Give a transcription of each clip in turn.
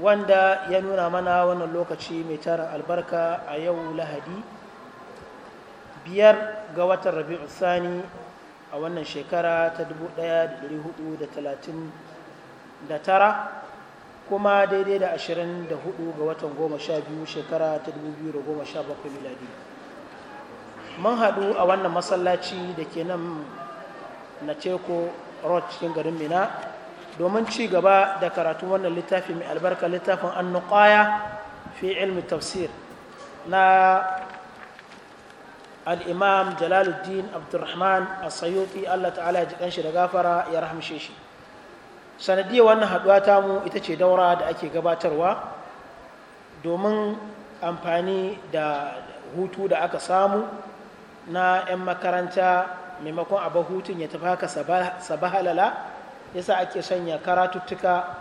wanda ya nuna mana wannan lokaci mai tarin albarka a yau lahadi biyar ga watan rabi'u sani a wannan shekara ta 1439 kuma daidai da 24 ga watan 12 shekara ta 2017 miladi mun haɗu a wannan masallaci da ke nan na ceko rochin cikin garin mina domin ci gaba da karatu wannan littafi mai albarka littafin annuqaya fi ilmi tafsir na al'imam jalaluddin abdurrahman asayuti allah ta'ala ya jikan shi da gafara ya rahamshe shi sanadiyar wannan haɗuwa tamu ita ce daura da ake gabatarwa domin amfani da hutu da aka samu na 'yan makaranta maimakon abin hutun ya tafi haka sabahalala yasa ake sanya karatuttuka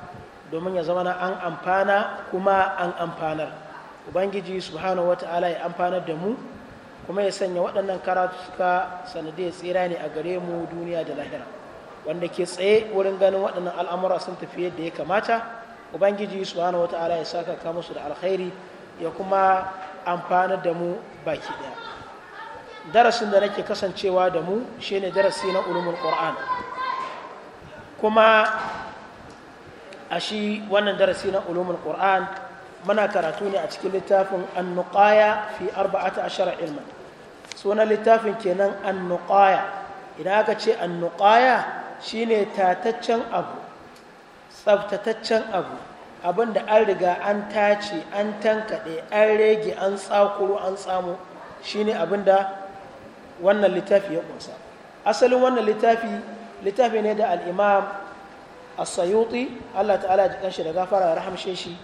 domin ya zama an amfana kuma an amfanar ubangiji subhanahu wata'ala ya amfanar da mu kuma ya sanya waɗannan karatuttuka sanadiyar tsira ne a gare mu duniya da lahira wanda ke tsaye wurin ganin waɗannan al'amura sun tafi yadda ya kamata ubangiji subhanahu wata'ala ya saka ka musu da alkhairi ya kuma amfanar da mu baki ɗaya darasin da nake kasancewa da mu shine darasi na ulumul qur'an kuma a shi wannan darasi na ulumin qur'an muna karatu ne a cikin littafin annuqaya fi arba'ata ashara ilman Suna littafin kenan annuqaya idan aka ce Shi ne tataccen abu tsaftataccen abu abin da an riga an tace an tankaɗe an rege an tsakuro an tsamo Shi abin da wannan littafi ya ƙunsa asalin wannan littafi littafi ne da al'imam sayuti allah ta'ala jikan shi da gafara ya rahamshe shi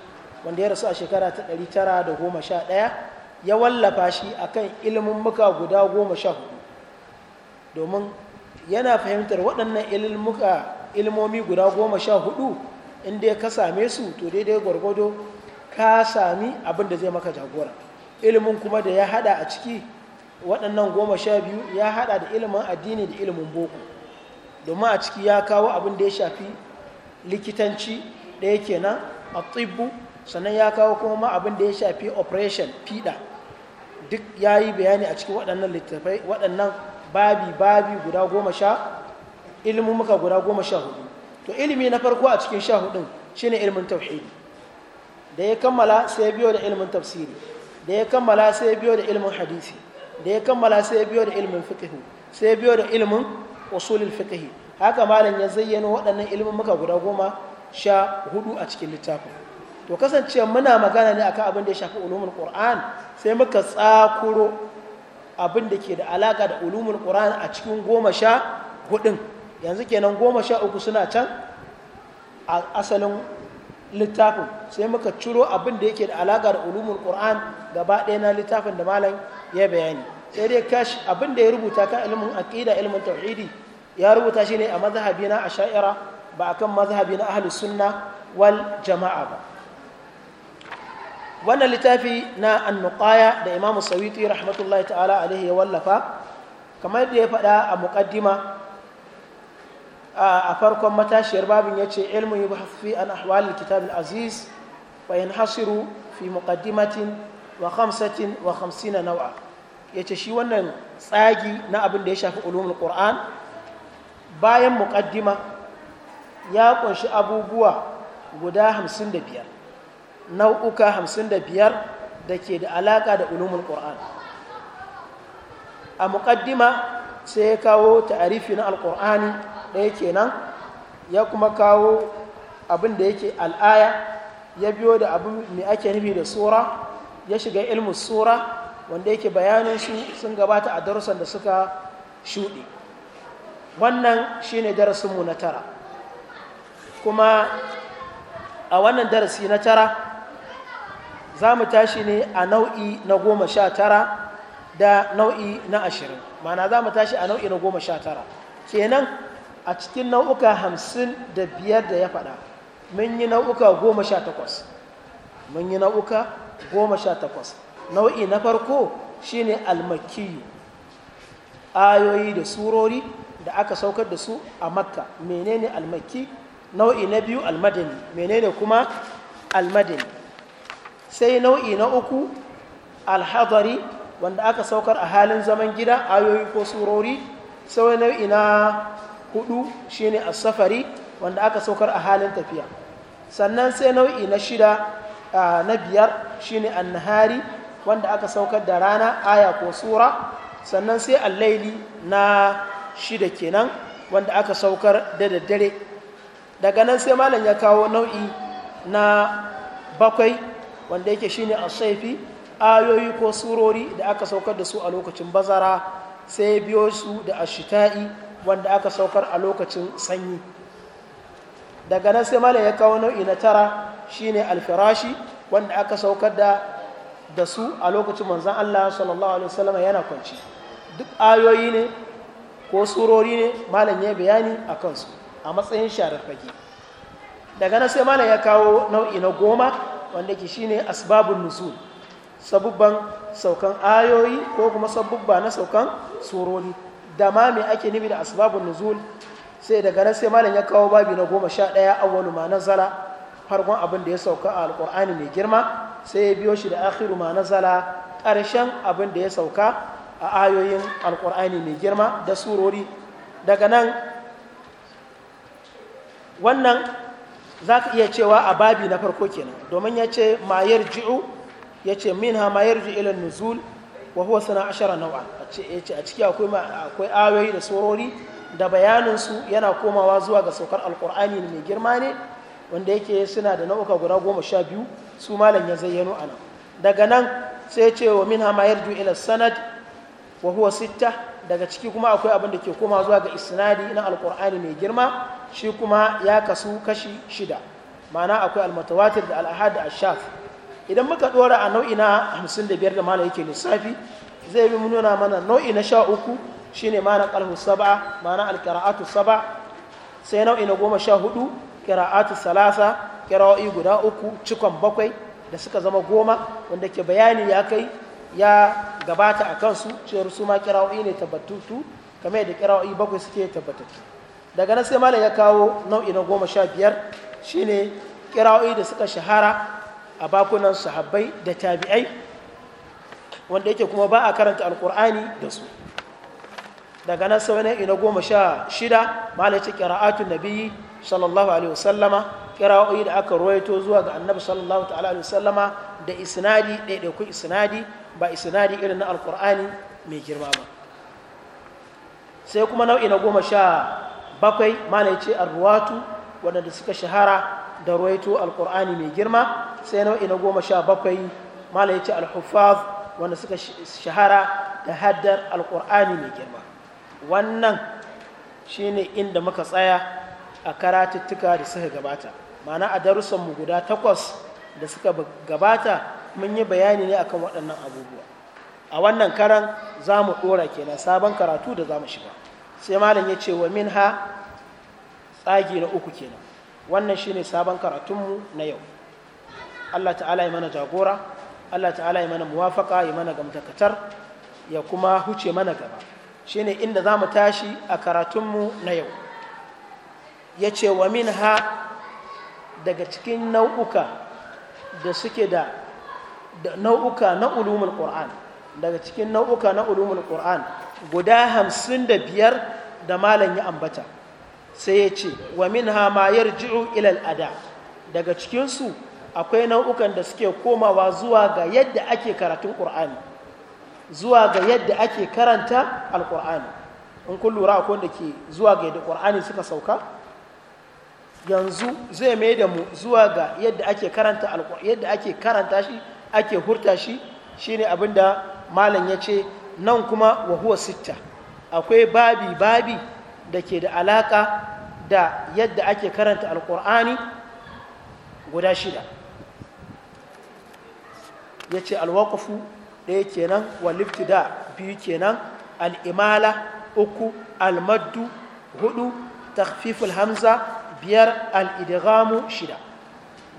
wanda ya rasu a shekara ta 911 ya wallafa shi akan ilimin muka guda goma sha hudu domin yana fahimtar waɗannan ilmomi guda goma sha hudu inda ya ka same su to daidai gwargwado ka sami abin da zai maka jagora ilimin kuma da ya hada a ciki waɗannan goma sha biyu ya hada da ilimin addini da ilimin boko domin a ciki ya kawo abin da ya shafi likitanci ɗaya kenan a tsibbu sannan ya kawo kuma ma abin da ya shafi operation fiɗa duk ya yi bayani a cikin waɗannan littattafai waɗannan babi babi guda goma sha ilimin muka guda goma sha hudu to ilimi na farko a cikin sha hudun shi ne ilimin tauhidi da ya kammala sai biyo da ilimin tafsiri da ya kammala sai biyo da ilimin hadisi da ya kammala sai biyo da ilimin fiƙihu sai biyo da ilimin usulul fiqh haka malam ya zayyana waɗannan ilimin muka guda goma sha hudu a cikin littafin to kasance muna magana ne akan abin da ya shafi ulumul qur'an sai muka tsakuro abin da ke da alaka da ulumul qur'an a cikin goma sha hudun yanzu kenan goma sha uku suna can a asalin littafin sai muka ciro abin da yake da alaka da ulumul qur'an gaba ɗaya na littafin da malam ya bayani sai dai kash abin da ya rubuta kan ilimin aqida ilimin tauhidi ya rubuta shine a mazhabi na asha'ira ba akan mazhabi na ahlus sunna wal jama'a ba wannan littafi na annuqaya da imam sawiti rahmatullahi ta'ala alaihi ya wallafa kamar da ya faɗa a muqaddima a farkon matashiyar babin ya ce ilmin yubhath fi an ahwal kitabin al-aziz wa hasiru fi muqaddimatin wa khamsatin wa khamsina naw'a ya ce shi wannan tsagi na abin da ya shafi ulumul qur'an bayan muƙaddima ya ƙunshi abubuwa guda hamsin nau'uka hamsin da da ke da alaƙa da ulumul qur'an a muƙaddima sai ya kawo ta'arifi na da ɗaya kenan ya kuma kawo abin da yake al'aya ya biyo da abin mai ake nufi da sura ya shiga ilmu sura wanda yake su sun gabata a darussan da suka shuɗe wannan shine darasinmu na tara kuma a wannan darasi na tara za mu tashi ne a nau'i na goma sha tara da nau'i na ashirin mana za mu tashi a nau'i na goma sha tara kenan a cikin nau'uka hamsin da biyar da ya faɗa mun yi nau'uka goma sha takwas mun yi nau'uka goma sha takwas nau'i na farko shine almakiyu ayoyi da surori da aka saukar da su a makka menene almakki nau'i na biyu almadani menene kuma almadani sai nau'i na uku alhadari wanda aka saukar a halin zaman gida ayoyi ko surori sai nau'i na hudu shine asafari wanda aka saukar a halin tafiya sannan sai nau'i na shida na biyar shine annahari wanda aka saukar da rana aya ko sura sannan sai allaili na shida kenan wanda aka saukar da daddare daga nan sai malam ya kawo nau'i na bakwai wanda yake shine saifi ayoyi ko surori da aka saukar da su a lokacin bazara sai biyo su da ashita'i wanda aka saukar a lokacin sanyi daga nan sai malam ya kawo nau'i na tara shine alfirashi wanda aka saukar da da su a lokacin manzan Allah sallallahu alaihi wasallam yana kwanci duk ayoyi ne ko surori ne malam ya bayani a kansu a matsayin sharar fage daga nan sai malam ya kawo nau'i na goma wanda ke shine asbabun nusul sabubban saukan ayoyi ko kuma sabubba na saukan surori da ma me ake nufi da asbabun nuzul sai daga nan sai malam ya kawo babi na goma sha ɗaya awwalu ma nazala farkon abin da ya sauka a alƙur'ani mai girma sai ya biyo shi da akhiru ma nazala ƙarshen abin da ya sauka a ayoyin alƙur'ani mai girma da surori daga nan wannan za ka iya cewa a babi na farko kenan domin ya ce mayar ji'u ya ce min ha mayar ji'ilan nuzul wa huwa sana ashara nau'a ya ce a ciki akwai ayoyi da surori da bayanin su yana komawa zuwa ga saukar alƙur'ani mai girma ne wanda yake suna da nau'uka guda goma sha biyu su malam ya zayyano a nan daga nan sai ce wa min hama yarju ila sanad wa huwa sitta daga ciki kuma akwai abin da ke koma zuwa ga isnadi na alqur'ani mai girma shi kuma ya kasu kashi shida ma'ana akwai almatawatir da al'ahad da ashaf idan muka dora a nau'i na 55 da malam yake lissafi zai bi nuna mana nau'i na uku shine ma'ana qalhu sab'a ma'ana alkara'atu sab'a sai nau'i na hudu. Kira'atu salasa kira'o'i guda uku cikon bakwai da suka zama goma wanda ke bayani ya kai ya gabata a kansu cewar su ma kira'o'i ne tabbatutu kamar da kira'o'i bakwai suke tabbatattu daga nan sai malam ya kawo nau'i na goma sha biyar shine kira'o'i da suka shahara a bakunan sahabbai da tabi'ai wanda yake kuma ba a karanta alkur'ani da su daga nan sai wani ina goma sha shida malaci kira'atu nabiyyi sallallahu alaihi wasallama kira'o'i da aka ruwaito zuwa ga annabi sallallahu alaihi wasallama da isnadi ɗaiɗaikun isnadi ba isnadi irin na alkur'ani mai girma ba sai kuma nau'i na goma sha bakwai mana ce arruwatu waɗanda suka shahara da ruwaito alkur'ani mai girma sai nau'i na goma sha bakwai mana ce alhufaz wanda suka shahara da haddar alkur'ani mai girma wannan shine inda muka tsaya a karatuttuka da suka gabata ma'ana a darussanmu guda takwas da suka gabata mun yi bayani ne akan waɗannan abubuwa a wannan karan za mu ɗora kenan sabon karatu da za mu shiga sai malam ya ce wa min ha tsagi na uku kenan wannan shi ne sabon karatunmu na yau allah ta'ala ya mana jagora allah ta'ala ya mana muwafaka ya mana gamtakatar ya kuma huce mana gaba shi ne inda za mu tashi a karatunmu na yau ya ce wa min ha daga cikin nau'uka da suke da nau'uka na ulumin ƙoran daga cikin nau'uka na ulumin ƙoran guda hamsin da biyar da malam ya ambata sai ya ce wa min ha ma ji'u ilal ada daga cikinsu akwai nau'ukan da suke komawa zuwa ga yadda ake karatun ƙoran zuwa ga yadda ake karanta alƙur'ani in kun lura akwai da ke zuwa ga yadda ƙur'ani suka sauka yanzu zai mai da mu zuwa ga yadda ake karanta yadda ake karanta shi ake hurta shi shine abinda malam ya ce nan kuma wa huwa sitta akwai babi babi da ke da alaka da yadda ake karanta alkur'ani guda shida ya ce alwakufu ɗaya kenan da biyu kenan al'imala uku almaddu hudu takfiful hamza biyar al'idigamu shida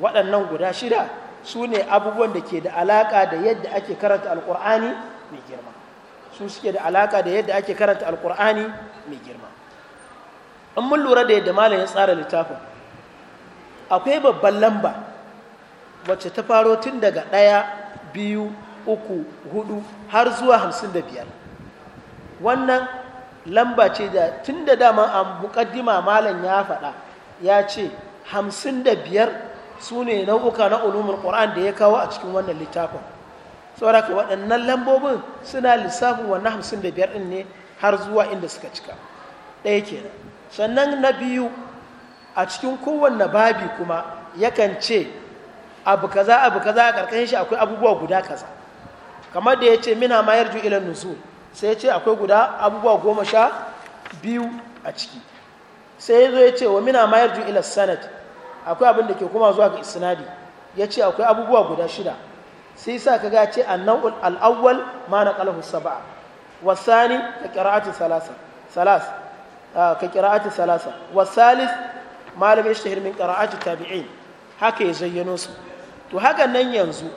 waɗannan guda shida su ne abubuwan da ke da alaƙa da yadda ake karanta alƙur'ani mai girma su suke da alaƙa da yadda ake karanta alƙur'ani mai girma in mun lura da yadda malam ya tsara littafin akwai babban lamba wacce ta faro tun daga ɗaya biyu uku hudu har zuwa hamsin da biyar wannan lamba ce da tun da dama a muƙaddima malam ya faɗa ya ce hamsin da biyar su ne nau'uka na ulumin ƙur'an da ya kawo a cikin wannan littafin saboda ka waɗannan lambobin suna lissafin wannan hamsin da biyar ɗin ne har zuwa inda suka cika ɗaya kenan sannan na biyu a cikin kowanne babi kuma yakan ce abu kaza abu kaza a ƙarƙashin shi akwai abubuwa guda kaza kamar da ya ce mina ma yarju ilan nusu sai ya ce akwai guda abubuwa goma sha biyu a ciki sai ya zo ya ce wa mina ma yarju ila sanad akwai abin da ke kuma zuwa ga isnadi ya ce akwai abubuwa guda shida sai sa ka ga ce an nau'ul al'awwal ma na sab'a wa thani ka qira'atu salasa salas ah, ka qira'atu salasa wa salis ma lam yashtahir min qira'ati tabi'in haka ya zayyano su to haka nan yanzu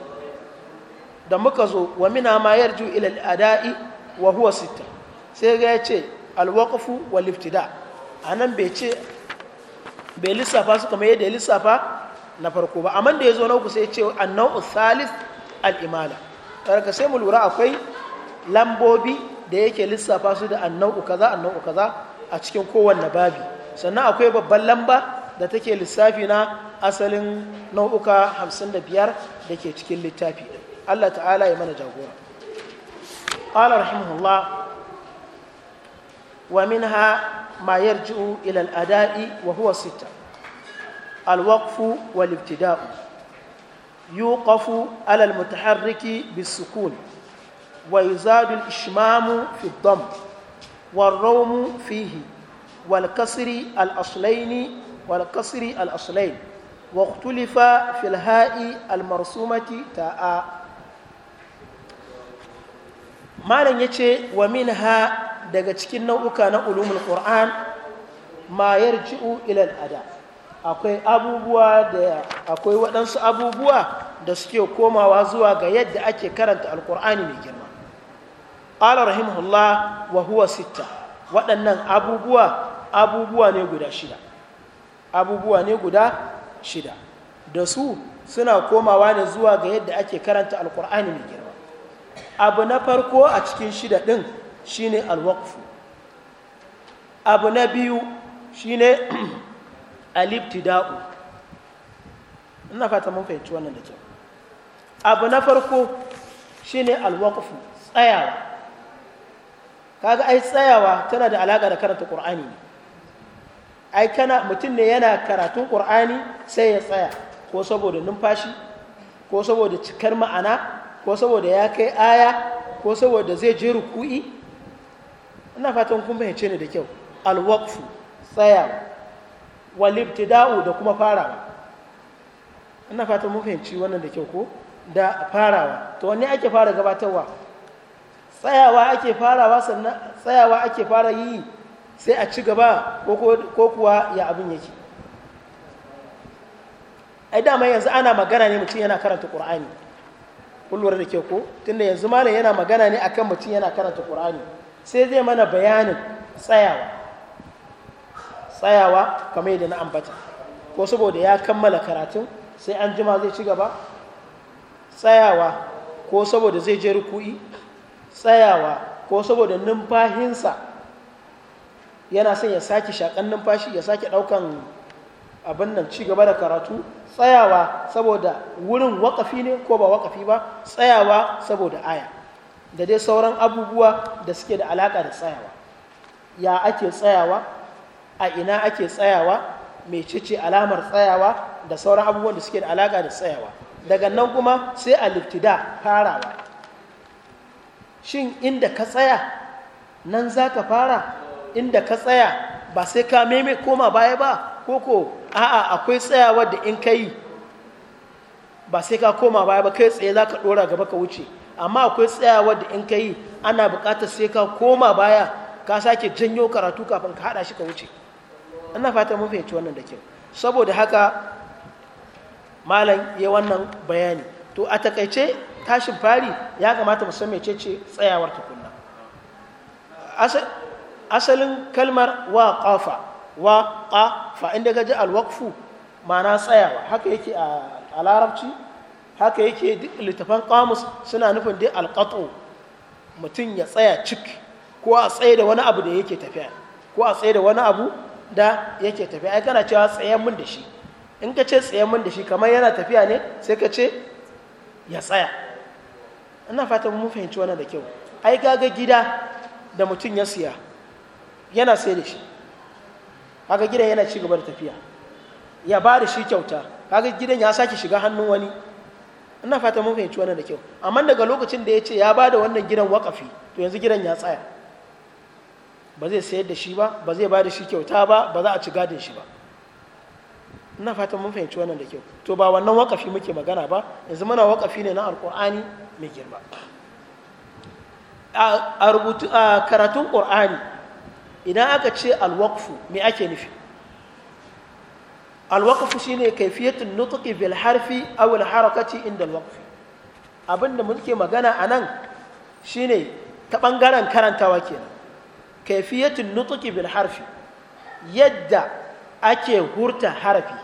da muka zo wa mina ma yarju ila al-ada'i wa huwa sitta sai ga ya ce al-waqfu wal-ibtida' a nan bai ce bai lissafa su kamar yadda ya lissafa na farko ba amma da ya zo na uku sai ce annau salis al'imala ka sai mu lura akwai lambobi da yake lissafa su da annau kaza annau kaza a cikin kowanne babi sannan akwai babban lamba da take lissafi na asalin nau'uka hamsin da ke cikin littafi Allah ta'ala ya mana jagora. Allah rahimahullah ومنها ما يرجع إلى الأداء وهو ستة الوقف والابتداء يوقف على المتحرك بالسكون ويزاد الإشمام في الضم والروم فيه والكسر الأصلين والكسر الأصلين واختلف في الهاء المرسومة تاء ما لن يتي ومنها daga cikin nau'uka na ulumul qur'an ma yarji'u ila al-ada akwai abubuwa da akwai waɗansu abubuwa da suke komawa zuwa ga yadda ake karanta al-qur'ani mai girma qala rahimahullah wa huwa sitta waɗannan abubuwa abubuwa ne guda shida abubuwa ne guda shida da su suna komawa ne zuwa ga yadda ake karanta alkur'ani mai girma abu na farko a cikin shida ɗin shine alwaqfu abu na biyu shine alibtida'u ina fata mun fahimci wannan da kyau abu na farko shine alwaqfu tsayawa kaga ai tsayawa tana da alaka da karanta qur'ani ne ai kana mutum ne yana karatun qur'ani sai ya tsaya ko saboda numfashi ko saboda cikar ma'ana ko saboda ya kai aya ko saboda zai je ruku'i ina fatan kun fahimce ni da kyau alwaqfu tsayawa walibtida'u da kuma farawa ina fatan mun fahimci wannan da kyau ko da farawa to wanne ake fara gabatarwa tsayawa ake farawa sannan tsayawa ake fara yi sai a ci gaba ko kuwa ya abin yake ai dama yanzu ana magana ne mutum yana karanta qur'ani kun da kyau ko tunda yanzu malam yana magana ne akan mutum yana karanta qur'ani sai zai mana bayanin tsayawa tsayawa kamar yadda na ambata ko saboda ya kammala karatun sai an jima zai ci gaba tsayawa ko saboda zai je ruku'i tsayawa ko saboda numfahinsa yana son ya sake shakan numfashi ya sake ɗaukan abin nan ci gaba da karatu tsayawa saboda wurin wakafi ne ko ba wakafi ba tsayawa saboda aya da dai sauran abubuwa da suke da alaƙa da tsayawa ya ake tsayawa a ina ake tsayawa mecece alamar tsayawa da sauran abubuwan da suke da alaƙa da tsayawa daga nan kuma sai a liftida farawa shin inda ka tsaya nan za ka fara inda ka tsaya ba sai ka meme koma baya ba koko a'a akwai tsayawa da in ka yi ba sai ka koma baya ba kai tsaye za ka ɗora gaba ka wuce amma akwai tsayawa da in ka yi ana bukatar sai ka koma baya ka sake janyo karatu kafin ka haɗa shi ka wuce ana fata mun fahimci wannan da kyau saboda haka malam ya wannan bayani to a takaice tashin fari ya kamata musamman ya ce tsayawar tukunna asalin kalmar wa kafa wa kafa inda gaji alwaqfu ma'ana tsayawa haka yake a larabci haka yake duk littafan kamus suna nufin dai alƙato mutum ya tsaya cik ko a tsaye da wani abu da yake tafiya ko a tsaye da wani abu da yake tafiya ai kana cewa tsayen mun da shi in ka ce tsayen mun da shi kamar yana tafiya ne sai ka ce ya tsaya ina fata mun fahimci wannan da kyau ai gaga gida da mutum ya siya yana sai da shi haka gidan yana ci gaba da tafiya ya ba da shi kyauta kaga gidan ya sake shiga hannun wani ina fata mun fahimci wannan da kyau amma daga lokacin da ya ce ya ba da wannan gidan wakafi to yanzu gidan ya tsaya ba zai sayar da shi ba ba zai ba shi kyauta ba ba za a ci gadin shi ba ina fata mun fahimci wannan da kyau to ba wannan wakafi muke magana ba yanzu muna wakafi ne na alkur'ani mai girma a rubutu a karatun qur'ani idan aka ce alwaqfu me ake nufi alwaqfu shine kayfiyatun nutqi bilharfi harfi harakati inda alwaqfi abinda muke magana a nan shine ta bangaren karantawa kenan kayfiyatun nutqi bil harfi yadda ake hurta harfi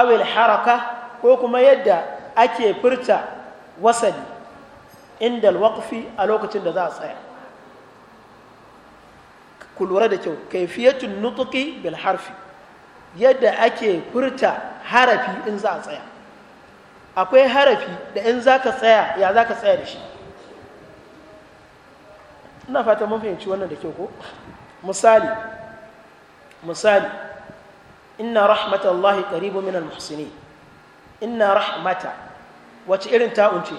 aw haraka ko kuma yadda ake furta wasali inda alwaqfi a lokacin da za a tsaya ku da kyau kaifiyatun nutuki bilharfi. yadda ake furta harafi in za a tsaya akwai harafi da in za ka tsaya ya za ka tsaya da shi ina fata mun fahimci wannan da ke ko misali misali rahmata allahi karibu min muhsini ina rahmata wace irin ta'un ce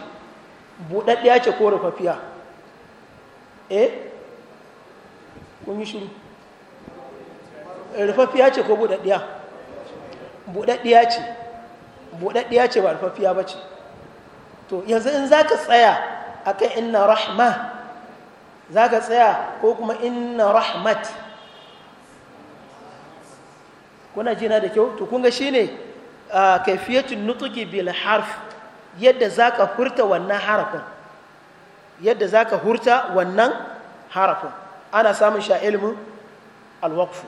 buɗaɗɗiya ce ko rufaffiya eh kun yi shiru rufaffiya ce ko buɗaɗɗiya buɗaɗɗiya ce buɗaɗɗiya ce ba rufaffiya ba ce to yanzu in za ka tsaya a kan inna rahma za ka tsaya ko kuma inna rahmat kuna jina da kyau to kunga shi ne a kaifiyatun nutuki bil harf yadda za ka hurta wannan harafin yadda za ka hurta wannan harafin ana samun sha ilimin alwakfu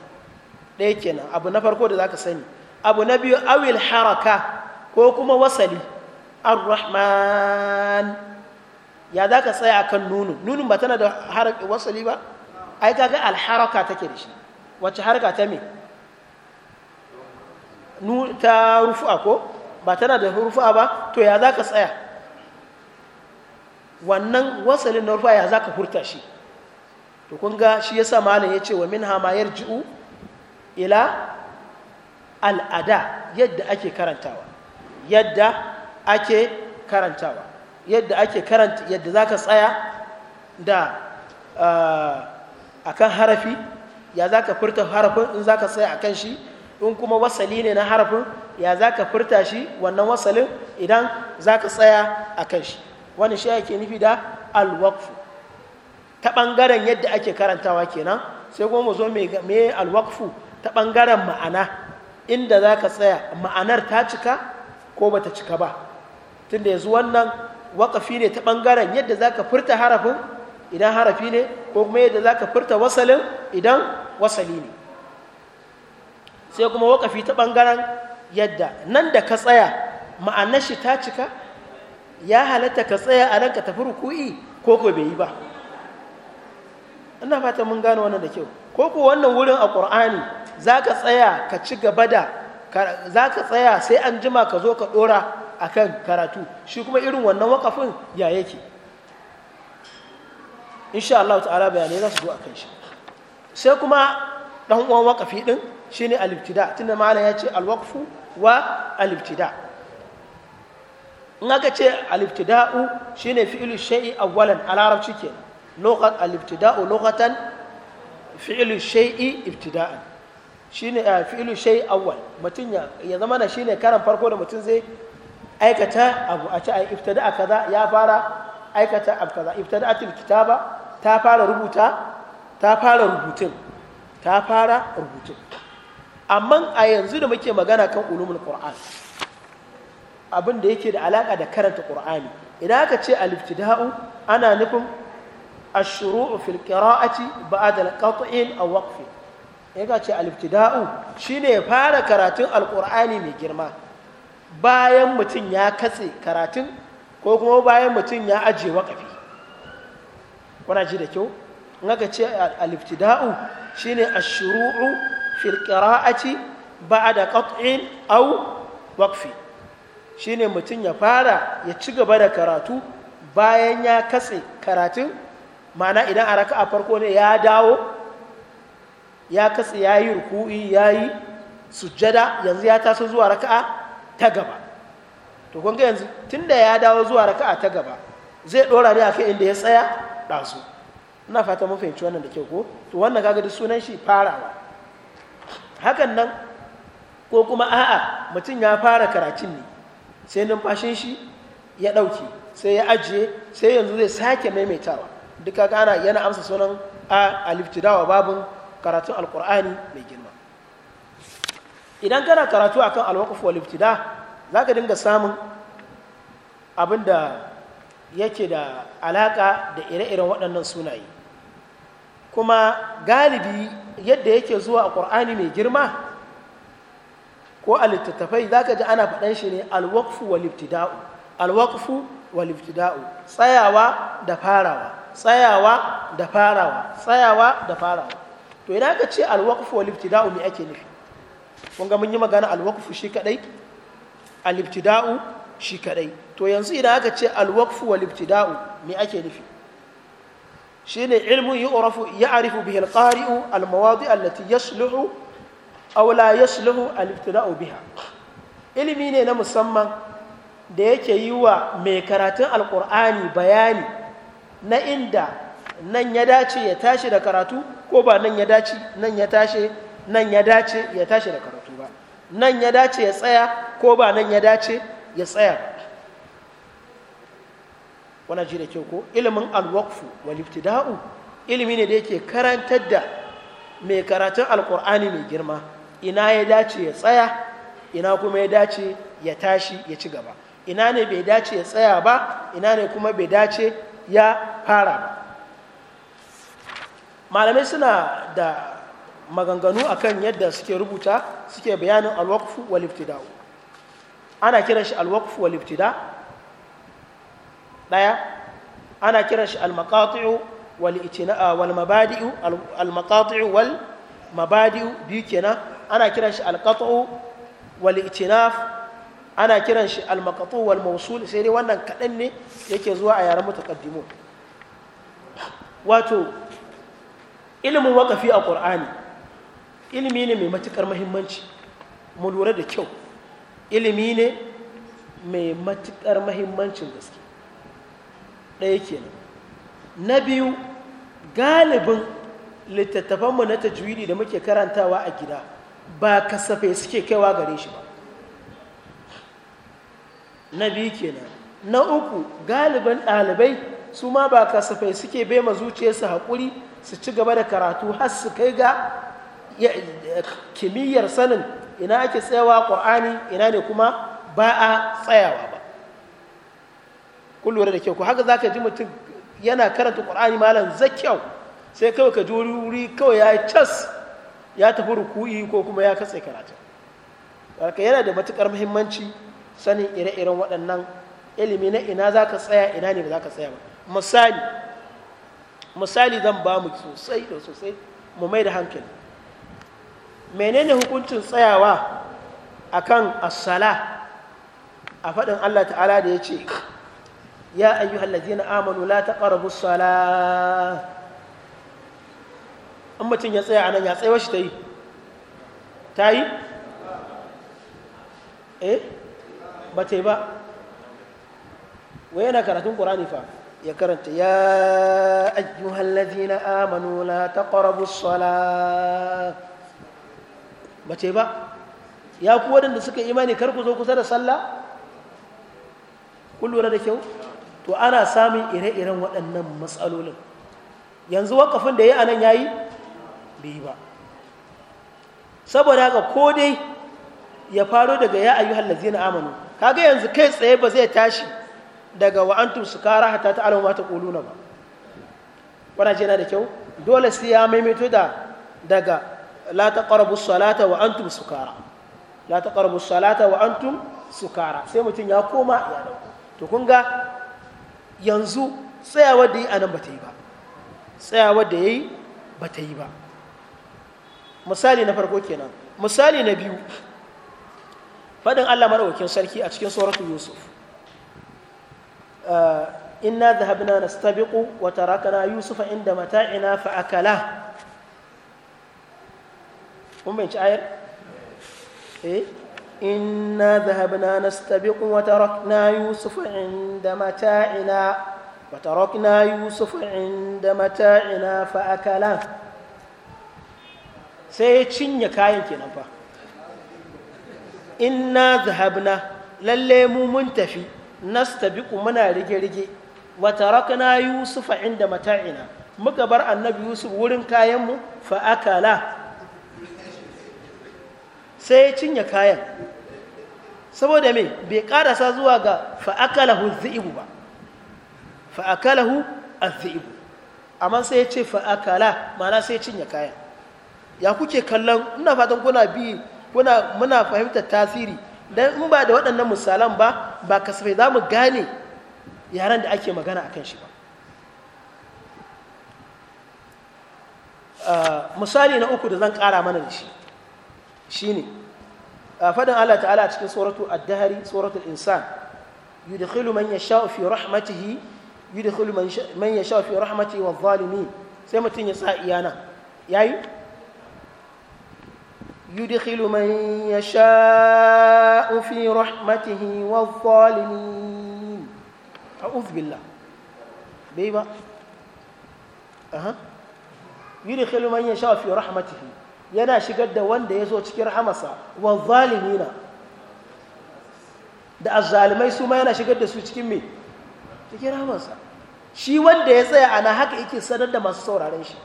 ɗaya kenan abu na farko da za ka sani abu na biyu awil haraka ko kuma wasali ar-rahman ya za ka tsaya akan nunu nunun ba tana da haraka wasali ba ai kaga alharaka take da shi wacce haraka ta me ta rufu'a ko ba tana da rufu'a ba to ya za ka tsaya wannan wasalin na rufu'a ya za ka furta shi to kun ga shi ya sa malam ya ce wa min hama yar ji'u. ila al'ada yadda ake karantawa yadda ake karantawa yadda ake karanta yadda za ka tsaya da eh, akan harafi ya za ka furta harafin in za ka tsaya akan shi in kuma wasali ne na harafin ya za ka furta shi wannan wasalin idan za ka tsaya akan shi wani shi ake nufi da alwakfu ta ɓangaren yadda ake karantawa kenan sai kuma mu zo mai alwakfu ta ɓangaren ma'ana inda za ka tsaya ma'anar ta cika ko ba ta cika ba tunda yanzu wannan waƙafi ne ta ɓangaren yadda za ka furta harafin idan harafi ne ko kuma yadda za ka furta wasalin idan wasali ne sai kuma wakafi ta ɓangaren yadda nan da ka tsaya ma'anar shi ta cika ya halatta ka tsaya a nan ka tafi ruku'i ko ko bai yi ba ina fata mun gane wannan da kyau ko ko wannan wurin a ƙur'ani za ka tsaya ka ci gaba da za ka tsaya sai an jima ka zo ka ɗora a kan karatu shi kuma irin wannan wakafin ya yake Insha'Allah Allah ta'ala bayanai za su zo a kan shi sai kuma ɗan uwan wakafi ɗin shine alibtida tunda malam ya ce alwakfu wa alibtida in aka ce alibtida'u shine fi'lu shay'i awwalan a larabci kenan lughat alibtida'u lughatan fi'lu shay'i ibtida'an shine a eh, fi'lu shay awwal mutum ya zama na shine karan farko da mutum zai aikata abu a ce ai ibtada kaza ya fara aikata abu kaza ibtada'atul kitaba ta fara rubuta ta fara rubutun ta fara rubutun amma a yanzu da muke magana kan ulumul qur'an abin da yake da alaka da karanta qur'ani idan aka ce al hau ana nufin ash-shuru'u fil qira'ati ba'da al-qat'i aw waqfi ya ce alibtida'u shine ya fara karatun alkur'ani mai girma bayan mutum ya katse karatun ko kuma bayan mutum ya ajiye wakafi wana ji da kyau in aka ce alibtida'u shine ashuru'u fil da ba'da au aw Shi ne mutum ya fara ya ci gaba da karatu bayan ya katse karatun ma'ana idan a raka a farko ne ya dawo ya katse ya yi ruku'i ya yi sujjada yanzu ya taso zuwa raka'a ta gaba to kun ga yanzu tunda ya dawo zuwa raka'a ta gaba zai dora ne kai inda ya tsaya ɗazu ina fata mun fahimci wannan da kyau ko to wannan kaga duk sunan shi farawa hakan nan ko kuma a'a mutum ya fara karatun ne sai numfashin shi ya ɗauke sai ya ajiye sai yanzu zai sake maimaitawa duka kana yana amsa sunan a aliftidawa babin karatun alkur'ani mai girma idan kana karatu akan alwaqf waliftida za ka dinga samun abin da yake da alaka da ire-iren waɗannan sunaye kuma galibi yadda yake zuwa a ƙur'ani mai girma ko a littattafai za ka ji ana faɗan shi ne alwakufu wa alwakfu tsayawa da farawa tsayawa da farawa tsayawa da farawa to ina aka ce alwaqfu wal ibtida'u me ake nufi kun ga mun yi magana alwaqfu shi kadai al shi kadai to yanzu ina aka ce alwaqfu wal ibtida'u me ake nufi shine ilmun yu'rafu ya'rifu bihi al-qari'u al-mawadi' allati yasluhu aw aula yasluhu al-ibtida'u biha ilimi ne na musamman da yake yi wa mai karatun alkur'ani bayani na inda nan ya dace ya tashi da karatu ko ba nan ya dace nan ya tashe, nan ya dace ya tashi da karatu ba nan ya dace ya tsaya ko ba nan ya dace ya tsaya wannan ji da kyau ko ilimin alwaqfu wal ilimi ne da yake karantar da mai karatun alqur'ani mai girma ina ya dace ya tsaya ina kuma ya dace ya tashi ya ci gaba ina ne bai dace ya tsaya ba ina ne kuma bai dace ya fara ba malamai suna da maganganu akan yadda suke rubuta suke bayanin alwakufu wal ibtida'u ana kiran shi alwakufu wal ibtida daya ana kiran shi almaqati'u wal itina'a ah, wal mabadi'u wal biyu kenan ana kiran shi alkatu wal itinaf ana kiran shi almakatu wal mausul sai dai wannan kadan ne yake zuwa a yaran mutakaddimu wato ilimin wakafi a ƙur'ani ilimi ne mai matuƙar mahimmanci mu lura da kyau ilimi ne mai matuƙar mahimmancin gaske ɗaya kenan na biyu galibin littattafanmu na tajwidi da muke karantawa a gida ba kasafai suke kaiwa gare shi ba na biyu kenan na uku galibin ɗalibai su ma ba kasafai suke bai ma zuciyarsu haƙuri su ci gaba da karatu har su kai ga kimiyyar sanin ina ake tsayawa ƙur'ani ina ne kuma ba a tsayawa ba kun da kyau ku haka za ka ji mutum yana karanta ƙur'ani malam zakyau sai kawai ka jori wuri kawai ya yi cas ya tafi ruku'i ko kuma ya katse karatu haka yana da matuƙar muhimmanci sanin ire-iren waɗannan ilimi na ina za ka tsaya ina ne ba za ka tsaya ba misali misali zan ba mu sosai da sosai mu mai da hankali menene hukuncin tsayawa a kan asala a faɗin Allah ta'ala da ya ce ya ayyu na amonu la ta as sala? an mutum ya tsaya a nan ya tsayawar shi ta yi ta yi? eh ba ta yi ba wai yana karatun ƙura ne fa ya karanta ya ayyuhal na amanu la taqrabu as-salah bace ba ya ku waɗanda suka imani kar ku zo kusa da sallah kun lura da kyau to ana samun ire-iren waɗannan matsalolin yanzu wakafin da ya yi a nan ya yi bai ba saboda haka ko dai ya faro daga ya ayyuhal na amanu kaga yanzu kai tsaye ba zai tashi daga wa antum sukara hatta alamu mata taquluna ba wannan jina da kyau dole sai ya maimaito da daga la taqrabu salata wa antum sukara la taqrabu salata wa antum sukara sai mutum ya koma ya dauko to kun ga yanzu tsayawa da yi anan ba ta yi ba tsayawa da yi ba ta yi ba misali na farko kenan misali na biyu faɗin Allah madaukakin sarki a cikin suratu Yusuf inna zahabna nastabiqu wa tarakana yusufa inda mata'ina fa akala kun ayar eh inna zahabna nastabiqu wa tarakna yusufa inda mata'ina sai ya cinye kayan kenan fa inna zahabna lalle mu mun tafi nastabiqu muna rige-rige wa tarakna yusufa inda mata'ina muka bar annabi yusuf wurin kayanmu fa’akala sai ya cinye kayan saboda me bai karasa zuwa ga fa akalahu ba fa'akalahu a zi’ibu amma sai ya ce fa’akala mana sai ya cinye kayan ya kuke kallon ina fatan kuna bi muna fahimtar tasiri dan in ba da waɗannan misalan ba ba kasafai za mu gane yaren da ake magana a kan shi ba ah, misali na uku da zan ƙara mana da shi shine ah, faɗin Allah ta'ala a cikin tsoratu addahari tsoratul insan yudkhilu man yasha'u fi rahmatihi yudkhilu man yasha'u fi rahmatihi wadh-dhalimin sai mutum ya sa iyana yayi يدخل من يشاء في رحمته والظالمين أعوذ بالله بيبا أها يدخل من يشاء في رحمته yana شقد da دي ya تشكر cikin والظالمين wa zalimina da azzalimai su ma yana shigar da su cikin me cikin rahamarsa shi wanda ya tsaya ana haka yake sanar da masu sauraren shi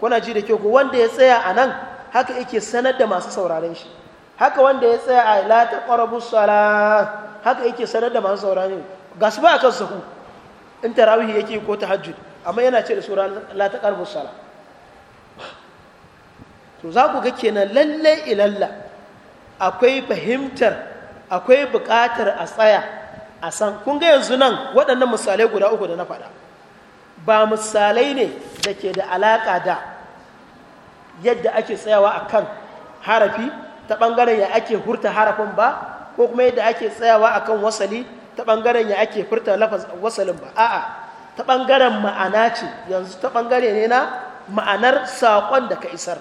kuna ji da kyau wanda ya tsaya a nan haka yake sanar da masu sauraron shi haka wanda ya tsaya a la taqrabu sala haka yake sanar da masu shi ga su ba kan sahu in tarawihi yake ko ta hajji amma yana ce da sura la taqrabu sala to za ku ga kenan lalle ilalla akwai fahimtar akwai buƙatar a tsaya a san kun ga yanzu nan waɗannan misalai guda uku da na faɗa ba misalai ne da ke da alaƙa da yadda ake tsayawa a kan harafi ta ɓangaren ya ake hurta harafin ba ko kuma yadda ake tsayawa a kan wasali ta ɓangaren ya ake furta wasalin ba a'a ta ɓangaren ma'ana ce yanzu ta ɓangare ne na ma'anar saƙon da ka isar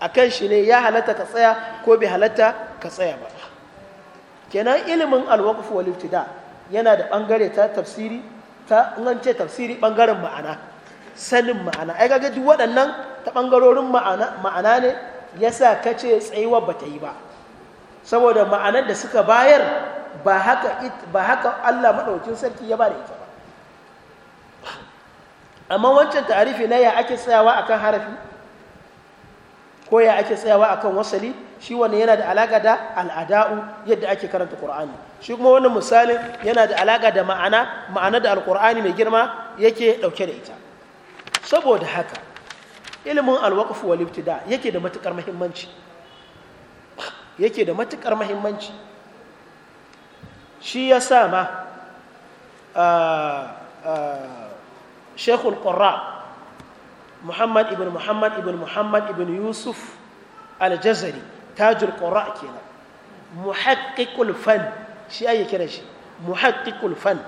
a kan shi ne ya halatta ka tsaya ko bai halatta ka tsaya ba kenan ilimin alwakufu wal yana da ɓangare ta tafsiri ta tafsiri ɓangaren ma'ana sanin ma'ana ai ga duk waɗannan ta ɓangarorin ma'ana ne yasa kace ce tsayuwa ba ta yi ba saboda ma'anar da suka bayar ba haka ba haka Allah maɗaukin sarki ya ba da ita ba amma wancan ta'arifi na ya ake tsayawa akan harafi ko ya ake tsayawa akan wasali shi wannan yana da alaka da al'ada'u yadda ake karanta Qur'ani shi kuma wannan misalin yana da alaka da ma'ana ma'ana da alqur'ani mai girma yake dauke da ita saboda haka ilimin alwaqf wal yake da matukar muhimmanci yake da matukar muhimmanci shi ya sa ma ah, ah, shekul ƙura muhammad ibn muhammad ibn muhammad ibn yusuf aljazari tajul ƙura kenan muhakkikul fan shi ayi kira shi muhakkikul fan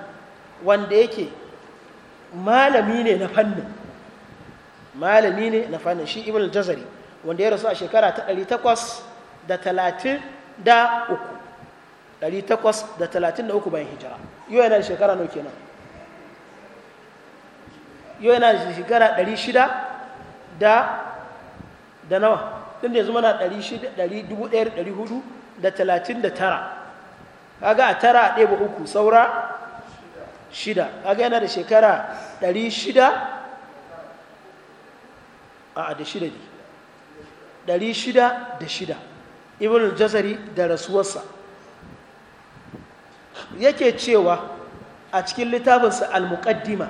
wanda yake malami ne na fannin malami ne na fannin shi ibn jazari wanda ya rasu a shekara ta 833 833 bayan hijira yau yana da shekara nau kenan yau yana da shekara 600 da da nawa tun da zuma na 1439 kaga a tara a ɗaya uku saura shida kaga yana da shekara 600 a da shida ɗari shida da shida ibn al-jazari da rasuwarsa yake cewa a cikin littafinsa al-muqaddima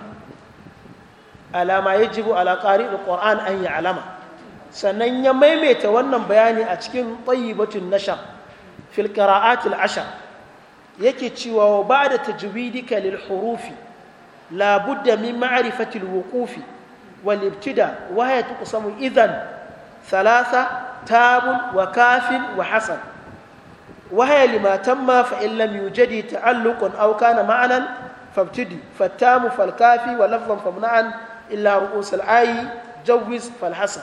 alama ya jibu alaƙari da ƙoran an alama sannan ya maimaita wannan bayani a cikin tsayyibatun nashar fil qira'atil ashar yake cewa ba ba'da tajwidika lil hurufi la budda min ma'rifati al-wuqufi والابتداء وهي تقسم إذا ثلاثة تاب وكاف وحسن وهي لما تم فإن لم يوجد تعلق أو كان معنا فابتدي فالتام فالكافي ولفظا فمنعا إلا رؤوس العاي جوز فالحسن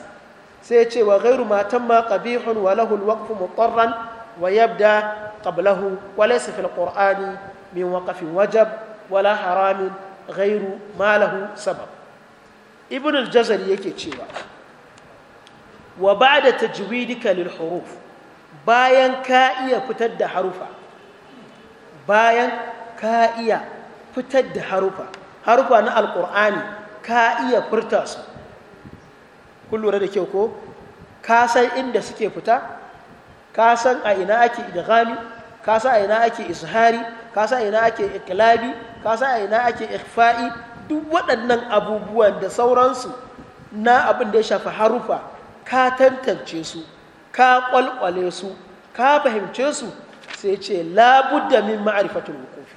سيتي وغير ما تم قبيح وله الوقف مضطرا ويبدأ قبله وليس في القرآن من وقف وجب ولا حرام غير ما له سبب ibn al-jazari yake cewa wa ba'da tajwidika lil huruf bayan ka iya fitar da harufa bayan ka iya fitar da harufa harufa na alqur'ani ka iya furta su kun lura da kyau ko ka san inda suke fita ka san a ina ake idghami ka san a ina ake ishari ka san a ina ake iqlabi ka san a ina ake ikhfa'i duk waɗannan abubuwan da sauransu na abin da ya shafi harufa ka tantance su ka ƙwalƙwale su ka fahimce su sai ce labudda min ma'arifatul wukufi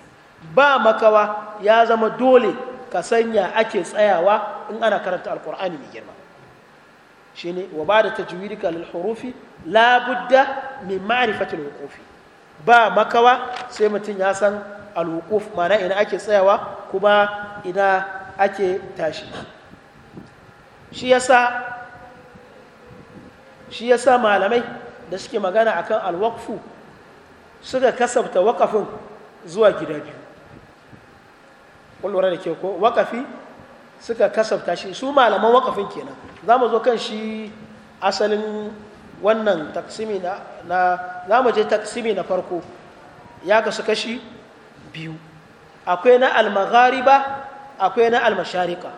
ba makawa ya zama dole ka sanya ake tsayawa in ana karanta alkur'ani mai girma shi ne wa ba da tajwidika lil hurufi labudda min ma'rifatil wuqufi ba makawa sai mutum ya san al mana ma'ana ina ake tsayawa kuma ina ake tashi shi yasa shi yasa malamai da suke magana akan alwakfu suka kasabta wakafin zuwa gida biyu kullura da ke ko wakafi suka kasabta shi su malaman wakafin kenan za mu zo kan shi asalin wannan taksimi na za mu je taksimi na farko ya kasu kashi biyu akwai na almaghariba akwai na almasharika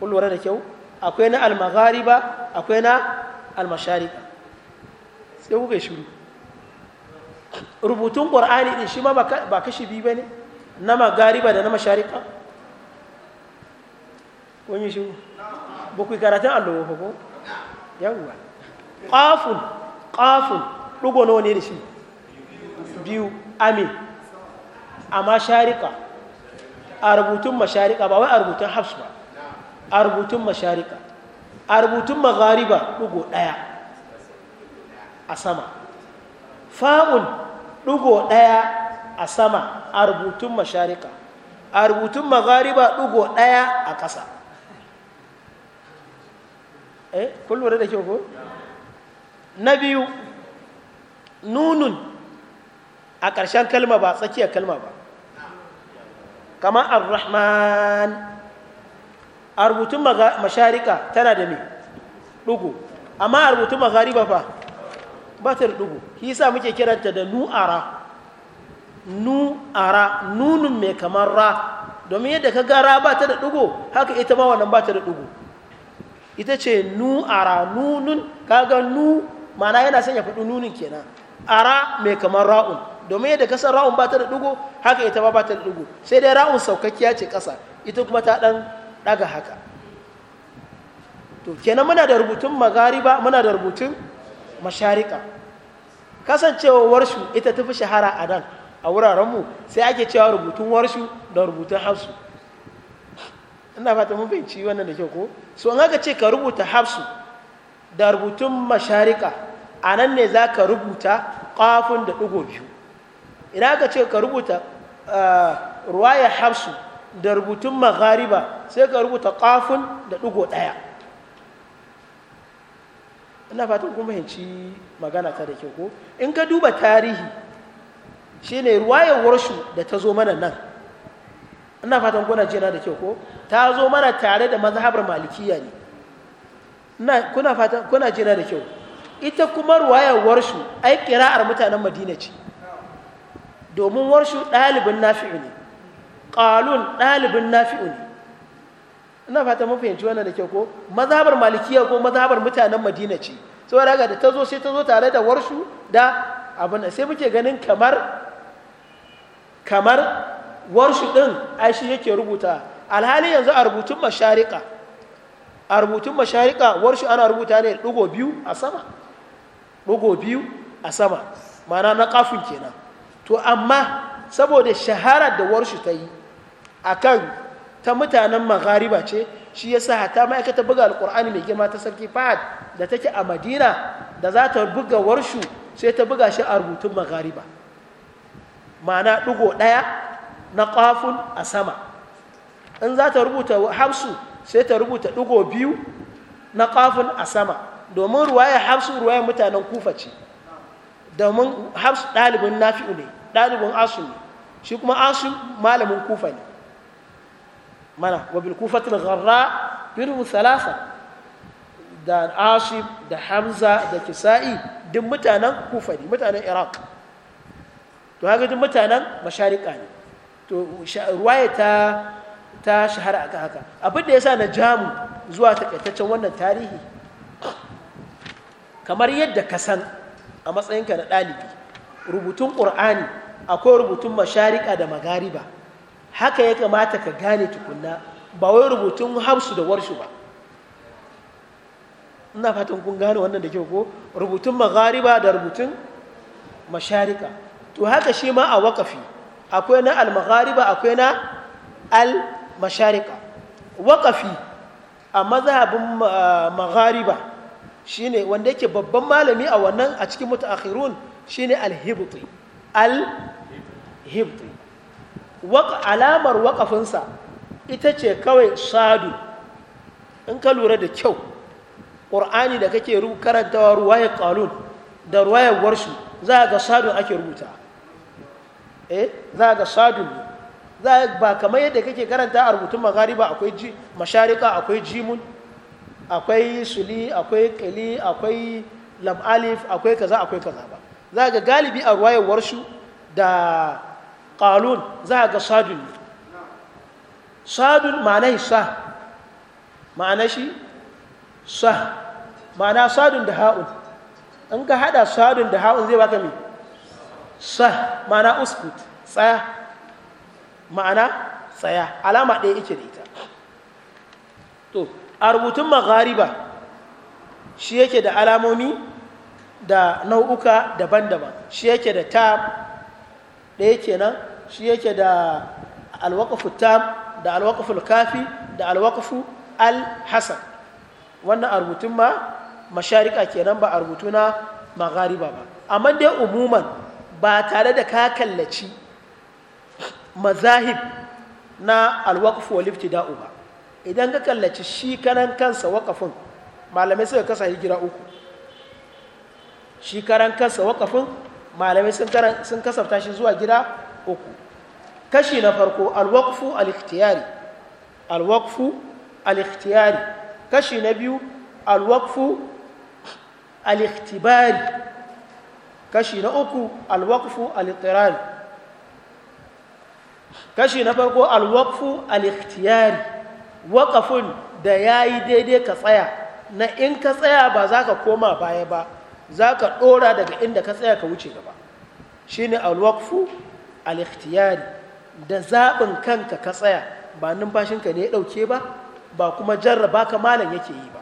kun da kyau akwai na almaghariba akwai na almasharika sai kuka shiru rubutun ƙwar'ani ɗin shi ma ba kashi biyu ba ne na magariba da na masharika kun yi shiru ba ku karatun allowa ba ko yawwa ƙafun ƙafun ɗugo nawa ne da shi biyu amin a masharika a rubutun masharika ba wai a rubutun hafs ba a rubutun masharika a rubutun magariba, ɗugo ɗaya a sama fa'un ɗugo ɗaya a sama a rubutun masharika a rubutun magariba, ɗugo ɗaya a ƙasa eh kullum da ke ko? na biyu nunun a ƙarshen kalma ba tsakiyar kalma ba Kama ar-rahman a rubutun masharika tana da me dugu amma a rubutun maghariba fa ba ta dugu shi yasa muke kiranta da nu'ara nu'ara nunun mai kamar ra domin yadda ka gara ba ta da dugu haka ita ma wannan ba ta da dugu ita ce nu'ara nunun kaga nu ma'ana yana sanya faɗi nunin kenan ara mai kamar ra'un domin yadda kasar ra'un ba ta da dugo haka ita ba ta da dugo sai dai ra'un saukakkiya ce ƙasa ita kuma ta ɗan ɗaga haka to kenan muna da rubutun magariba muna da rubutun masharika kasancewar warshu ita tafi shahara a nan a wurarenmu sai ake cewa rubutun warshu da rubutun hafsu ina fata mun fahimci wannan da kyau ko so in aka ce ka rubuta hafsu da rubutun masharika a ne za ka rubuta ƙafin da ɗigo biyu idan aka ce ka rubuta ruwaya hafsu da rubutun maghariba sai ka rubuta kafin da ɗugo ɗaya ina fatan kuma hinci magana ta da ke ko in ka duba tarihi Shi ne ruwayar warshu da ta zo mana nan ina fatan kuna jina da kyau ko ta zo mana tare da mazhabar malikiya ne kuna fatan kuna jina da kyau ita kuma ruwayar warshu ai kira'ar mutanen madina ce domin warshu ɗalibin nafi'u ne ƙalun ɗalibin nafi'u ne ina fata mun fahimci wannan da ke ko mazhabar malikiya ko mazhabar mutanen madina ce saboda haka da ta zo sai ta zo tare da warshu da abin sai muke ganin kamar kamar warshu ɗin aishi yake rubuta alhali yanzu a rubutun masharika a rubutun masharika warshu ana rubuta ne ɗugo biyu a sama ɗugo biyu a sama ma'ana na kafin kenan to amma saboda shaharar da warshi ta yi a kan ta mutanen maghariba ce shi ya sa hata ma'aikata buga alkur'ani mai girma ta sarki fahad da take a madina da za ta buga warshu sai ta buga shi a rubutun maghariba mana ɗigo ɗaya na ƙafun a sama in za ta rubuta hafsu sai ta rubuta ɗugo biyu na ƙafun a sama domin ruwaya hafsu ruwaya mutanen kufa ce domin hafsu ɗalibin nafi'u ne ɗalibin asim ne shi kuma asim malamin kufa ne mana wabin bil gharra birru salasa da asim da hamza da kisa'i duk mutanen kufa ne mutanen iraq to haka duk mutanen masharika ne to ruwaya ta ta shahara aka haka abin da sa na jamu zuwa taƙaitaccen wannan tarihi kamar yadda ka san a matsayinka na ɗalibi rubutun ƙur'ani akwai rubutun masharika da magariba haka ya kamata ka gane tukunna ba wai rubutun hamsu da warshu ba ina fatan kun gane wannan da kyau ko rubutun magariba da rubutun masharika to haka shi ma a wakafi akwai na al-maghariba akwai na al-masharika wakafi a mazhabin shi ah, shine wanda yake babban malami a wannan a cikin mutaakhirun shine ne hibti al-hibti alamar waƙafinsa ita ce kawai sadu in ka lura da kyau qur'ani da kake karantawa ruwayar ƙalun da ruwayar warshu za a ga sadun ake rubuta eh za a ga sadun ne za ba kamar yadda kake karanta a rubutun magariba akwai ji masharika akwai jimun akwai suli akwai ƙili akwai lam'alif akwai kaza akwai kaza ba za ga galibi a ruwayewar shu da ƙalun za ga sadun sadun ma'ana sa ma'ana shi sa ma'ana sadun da ha'un in ka hada sadun da ha'un zai baka mai sa ma'ana uskut tsaya ma'ana tsaya alama ɗaya ike da ita to a rubutun maghariba shi yake da alamomi da nau'uka daban-daban shi yake da tam yake nan shi yake da alwaƙafu tam da alwaƙafu kafi da alwaƙafu al wannan a rubutun ma masharika kenan ba a rubutu na maghariba ba amma dai umuman ba tare da ka kallaci mazahib na alwaƙafu wa da'u ba idan ka kallaci shi kanan kansa waƙafin malamai suka kasa hijira uku shi karan kansa wakafin malamai sun kasafta shi zuwa gida uku kashi na farko alwakfu al-ikhtiyari alwakfu al-ikhtiyari kashi na biyu alwakfu al-ikhtibari kashi na uku alwakfu al kashi na farko alwakfu al-ikhtiyari wakafin da yi daidai ka tsaya na in ka tsaya ba za ka koma baya ba za ka ɗora daga inda ka tsaya ka wuce gaba shi ne alwakfu alikhtiyari da zaɓin kanka ka tsaya ba numfashinka ne ya ɗauke ba ba kuma jarraba ka malam yake yi ba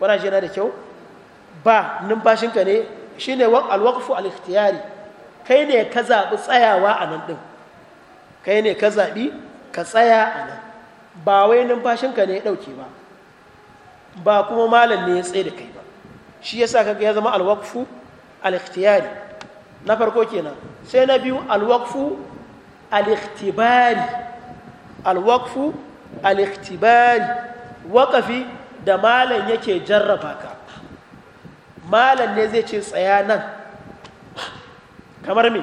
wana shi yana da kyau ba numfashinka ne shi ne alwakfu alikhtiyari kai ne ka zaɓi tsayawa a nan ɗin kai ne ka zaɓi ka tsaya a nan ba wai numfashinka ne ya ɗauke ba ba kuma malam ne ya tsaye da kai shi yasa kaga ya zama alwaqfu al-ikhtiyari na farko kenan sai na biyu alwaqfu al-ikhtibari alwaqfu al-ikhtibari waqafi da malan yake jarraba ka malan ne zai ce tsaya nan kamar me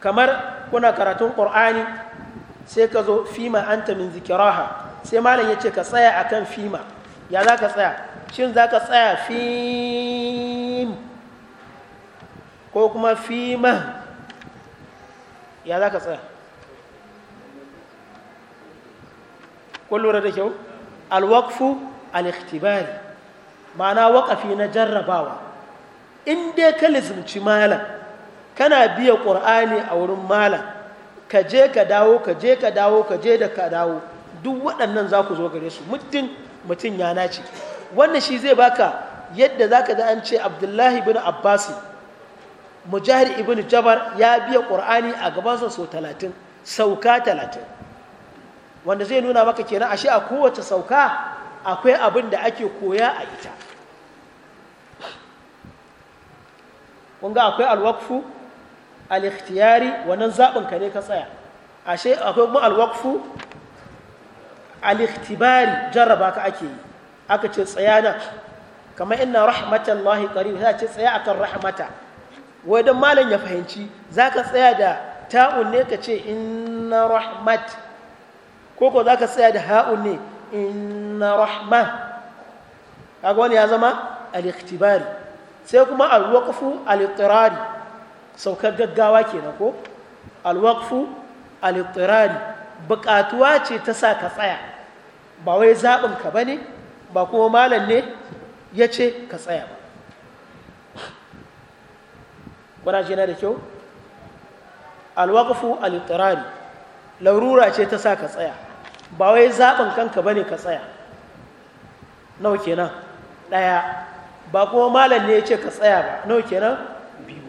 kamar kuna karatun qur'ani sai ka zo fima anta min zikiraha sai ya yace ka tsaya akan fima ya za ka tsaya shin za ka tsaya fim ko kuma fima ya za ka tsaya kun da kyau alwakfu al ma'ana waƙafi na jarrabawa in ka lizimci malam kana biya ƙur'ani a wurin malam ka je ka dawo ka je ka dawo ka je da ka dawo duk waɗannan za ku zo gare su mutum ya nace wannan shi zai baka yadda zaka da an ce abdullahi bin abbas mujahid ibn jabar ya biya ƙur'ani a gabansa sau talatin sauka talatin wanda zai nuna maka kenan ashe a kowace sauka akwai abin da ake koya a ita kun ga akwai alwakfu al wannan zaɓinka ka ne ka tsaya ashe akwai kuma alwakfu al jarraba ka ake yi aka ce tsaya na ina inna rahmatallahi qarib za ce tsaya akan rahmata wai dan malam ya fahimci zaka tsaya da ta'un ne ka ce ina rahmat Koko za ka tsaya da ha'un ne inna rahma kaga wani ya zama aliktibari. sai kuma al-waqfu saukar gaggawa kenan ko al-waqfu al buƙatuwa ce ta sa ka tsaya ba wai zaɓin ka bane ba kuma malam ne ya ce ka tsaya ba kuna ce na da kyau alwakufu alitirari larura ce ta sa ka tsaya ba wai zaɓin kanka ba ne ka tsaya nau kenan ɗaya ba kuma malam ne ya ce ka tsaya ba nau kenan biyu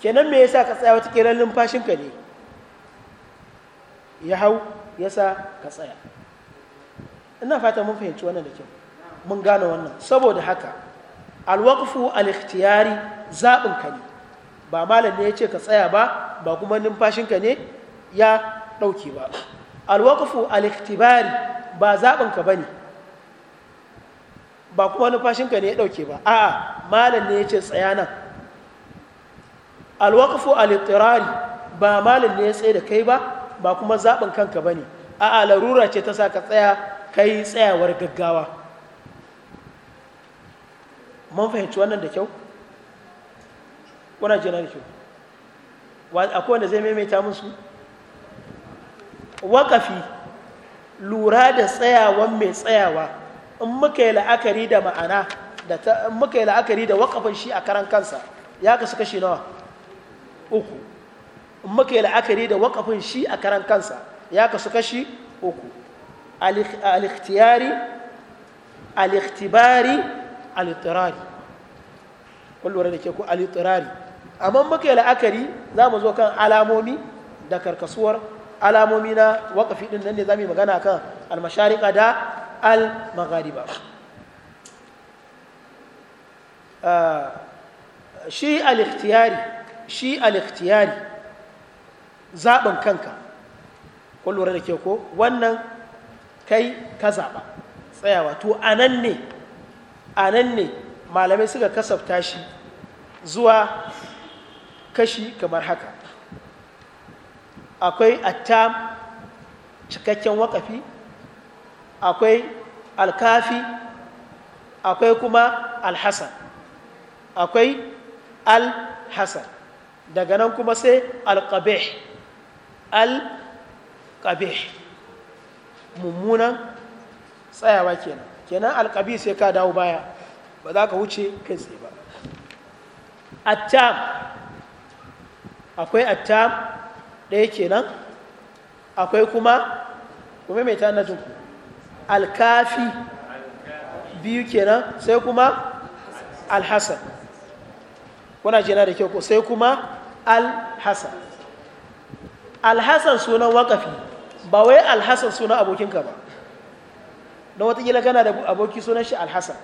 kenan me yasa ka tsaya wata kenan numfashinka ne ya hau ya sa ka tsaya ina fata mun fahimci wannan da kyau mun gane wannan saboda haka alwaqfu alikhtiyari ikhtiyari zaɓin ka ne ba malam ne ya ce ka tsaya ba ba kuma ka ne ya ɗauke ba alwaqfu alikhtibari ba zaɓin ka bane ba kuma ka ne ya ɗauke ba a'a malam ne ya ce tsaya nan alwaqfu al ba malam ne ya tsaye da kai ba ba kuma zaɓin kanka bane a'a larura ce ta sa ka tsaya kai tsayawar gaggawa mun fahimci wannan da kyau kuna jina da kyau akwai wanda zai maimaita musu wakafi lura da tsayawan mai tsayawa in muka yi la'akari da ma'ana in muka yi la'akari da wakafin shi a karan kansa ya kasu kashi nawa uku in muka yi la'akari da wakafin shi a karan kansa ya kasu kashi uku al-ikhtiyari al-ikhtibari da ke ku al-ittirari amma la'akari za mu zo kan alamomi da karkasuwar alamomi na wakafi din nan ne za mu yi magana kan al da al shi kanka da ke ko wannan kai ka zaɓa tsayawa to a nan ne a nan ne malamai suka kasafta shi zuwa kashi kamar haka akwai attam cikakken wakafi akwai alkafi akwai kuma alhassan akwai alhassan daga nan kuma sai alkabih alkabih mummunan tsayawa kenan kenan alƙabi sai ka dawo baya ba za ka wuce kai sai ba attam akwai attam ɗaya kenan akwai kuma kuma mai tanajin alkafi biyu kenan sai kuma alhassan kuna jina da kyau sai kuma alhassan alhassan sunan wakafi ba wai alhassan suna abokinka ba don watakila kana da aboki sunan shi alhassan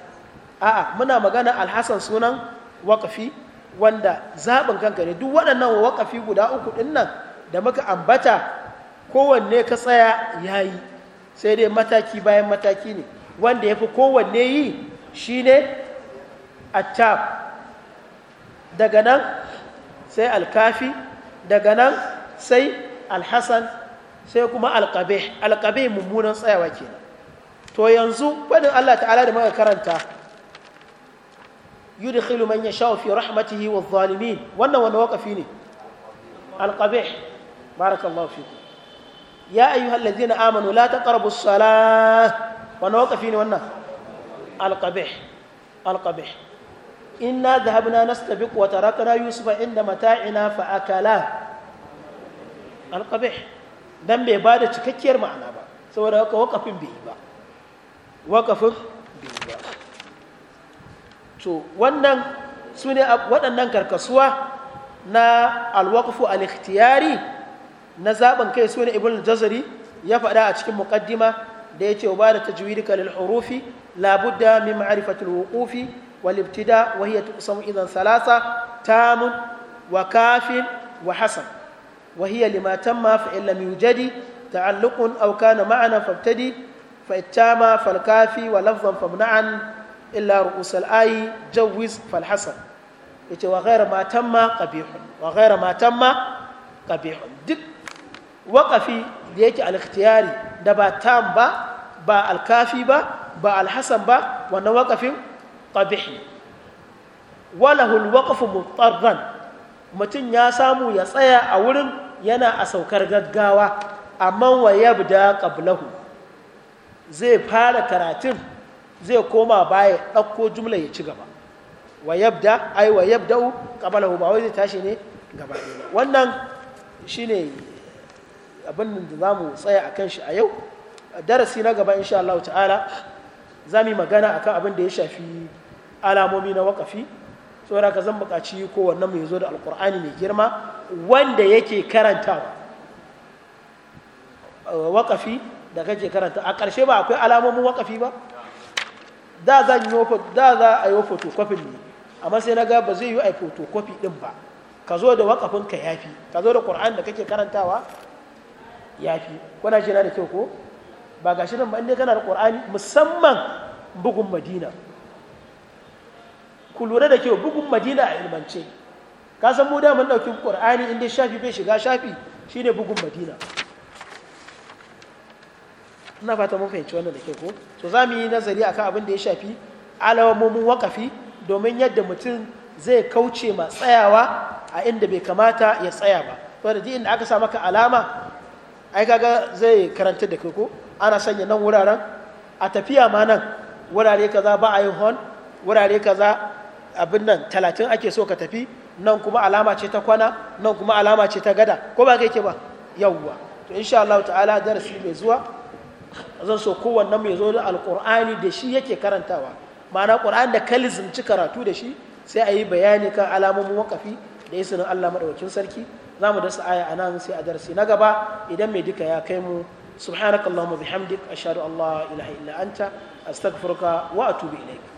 a'a muna magana alhassan sunan wakafi wanda zaɓin kanka ne duk waɗannan wakafi guda uku ɗin nan da muka ambata kowanne ka tsaya ya yi sai dai mataki bayan mataki ne wanda ya fi kowanne yi shi ne attab daga nan sai alkafi daga nan sai alhassan sai kuma alƙabe alƙabe mummunan tsayawa ke. to yanzu faɗin Allah ta'ala da muka karanta yudkhilu man yasha fi rahmatihi wa zalimin wannan wani wakafi ne alqabih barakallahu fikum ya ayyuhal na amanu la ta karbu salah wani wakafi ne wannan alqabih alqabih inna dhahabna nastabiq wa tarakna yusufa inda mata'ina fa akala alqabih dan bai ba da cikakkiyar ma'ana ba saboda haka wakafin bai yi ba wakafin bai yi ba to wannan su ne waɗannan karkasuwa na alwakafu Alikhtiyari na zaben kai su ne ibn jazari ya faɗa a cikin muƙaddima da ya ce ba da tajwidika lil hurufi labudda min ma'rifati al-wuqufi wal ibtida wa hiya tuqsamu idan salasa tamun wa kafin wa hasan وهي لما تم فإن لم يوجد تعلق أو كان معنا فابتدي فإتام فالكافي ولفظا فابنعا إلا رؤوس الآي جوز فالحسن yace wa ghaira ma tamma qabihun wa ghaira ma tamma qabihun duk waqafi da yake al-ikhtiyari da ba tam ba ba kafi ba ba al-hasan ba wannan waqafin qabih walahu al ya samu ya tsaya a wurin yana a saukar gaggawa amma wa yabda qablahu zai fara karatun zai koma baya ɗauko jumla ya ci gaba wa yabda ai wa yabda'u qablahu ba wai zai tashi ne gaba ɗaya wannan shine abin da za mu tsaya a kan shi a yau darasi na gaba insha Allah ta'ala za mu yi magana akan abin da ya shafi alamomi na wakafi saboda ka zan buƙaci kowanne mu zo da alƙur'ani mai girma wanda yake karantawa eh, waƙafi da kake karanta a ƙarshe ba akwai alamomin waƙafi ba da za a yi fotokofin ne amma sai na ga ba zai yi a fotokofi ɗin ba ka zo da waƙafin ka ya fi, ka zo da ƙur'an da kake karantawa ya fi kuna na da kyau ko ba gashi nan ba inda kana da ƙur'ani musamman bugun madina ku lura da kyau bugun madina a ilmance ka san mu da mun dauki qur'ani in dai shafi bai shiga shafi shine bugun madina ina fata mun fahimci wannan da kyau ko to za mu yi nazari akan abin da ya shafi alamomin wakafi domin yadda mutum zai kauce ma tsayawa a inda bai kamata ya tsaya ba saboda duk inda aka sa maka alama ai kaga zai karanta da kai ko ana sanya nan wuraren a tafiya ma nan wurare kaza ba a yin hon wurare kaza abin nan talatin ake so ka tafi nan kuma alama ce ta kwana nan kuma alama ce ta gada ko ba ka ke ba yawwa to insha Allah ta'ala darasi mai zuwa zan so kowannen mai zo da alqur'ani da shi yake karantawa ma'ana qur'ani da ci karatu da shi sai a yi bayani kan alamomin wakafi da izinin Allah madaukakin sarki zamu mu dasa aya a nan sai a darasi na gaba idan mai duka ya kai mu subhanakallahumma bihamdik ashhadu an la ilaha illa anta astaghfiruka wa atubu ilaik